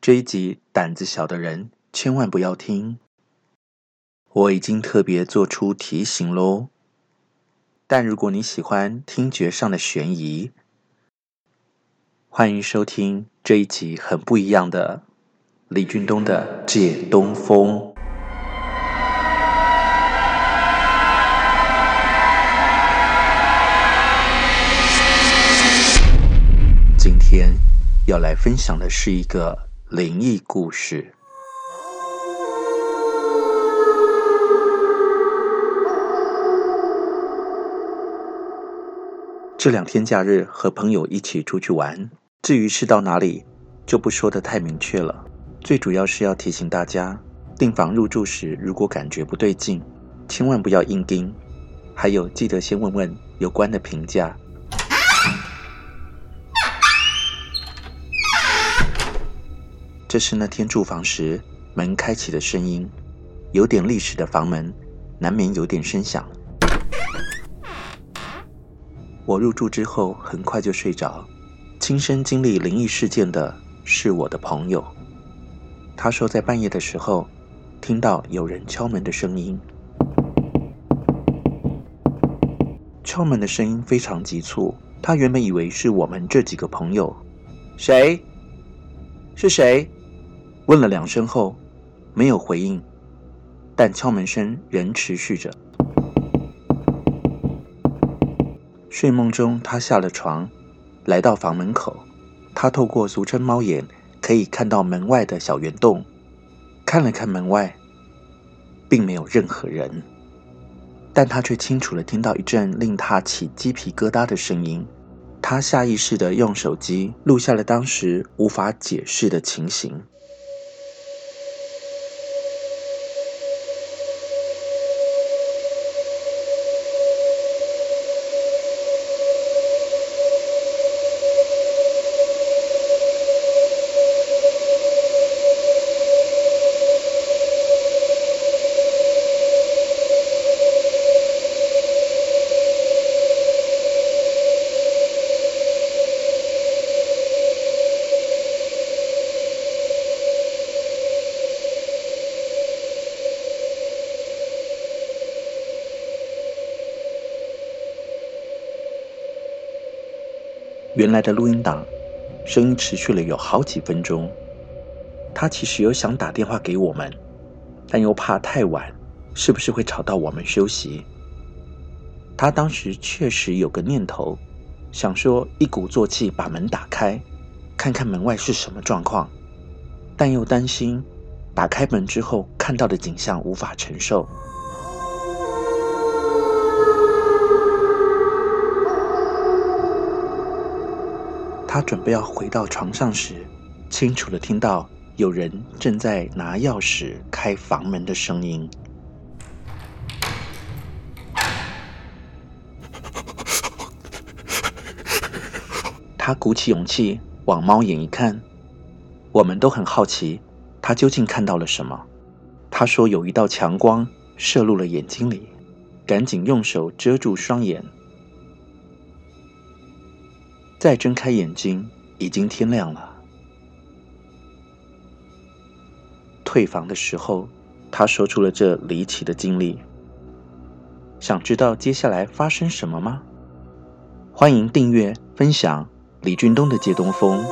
這一集膽子小的人千萬不要聽，我已經特別做出提醒嘍。但如果你喜歡聽覺上的懸疑，歡迎收聽這一集很不一樣的李俊東的《借東風》。今天要來分享的是一個靈異故事。這兩天假日和朋友一起出去玩，至於是到哪裡，就不說得太明確了。最主要是要提醒大家，訂房入住時如果感覺不對勁，千萬不要硬訂，還有記得先問問有關的評價。這是那天住房時門開啟的聲音，有點歷史的房門難免有點聲響。我入住之後很快就睡着。親身經歷靈異事件的是我的朋友，他說在半夜的時候聽到有人敲門的聲音，敲門的聲音非常急促。他原本以為是我們這幾個朋友。誰？是誰？問了兩聲後，沒有回應，但敲門聲仍持續着。睡夢中，他下了床，來到房門口。他透過俗稱貓眼，可以看到門外的小圓洞。看了看門外，並沒有任何人，但他卻清楚地聽到一陣令他起雞皮疙瘩的聲音。他下意識地用手機錄下了當時無法解釋的情形。原來的錄音檔，聲音持續了有好幾分鐘。他其實有想打電話給我們，但又怕太晚，是不是會吵到我們休息？他當時確實有個念頭，想說一鼓作氣把門打開，看看門外是什麼狀況，但又擔心打開門之後看到的景象無法承受。他準備要回到床上時，清楚地聽到有人正在拿鑰匙開房門的聲音。他鼓起勇氣往貓眼一看，我們都很好奇，他究竟看到了什麼。他說有一道強光射入了眼睛裡，趕緊用手遮住雙眼。再睜開眼睛，已經天亮了。退房的時候，他說出了這離奇的經歷。想知道接下來發生什麼嗎？歡迎訂閱分享李俊東的《借東風》。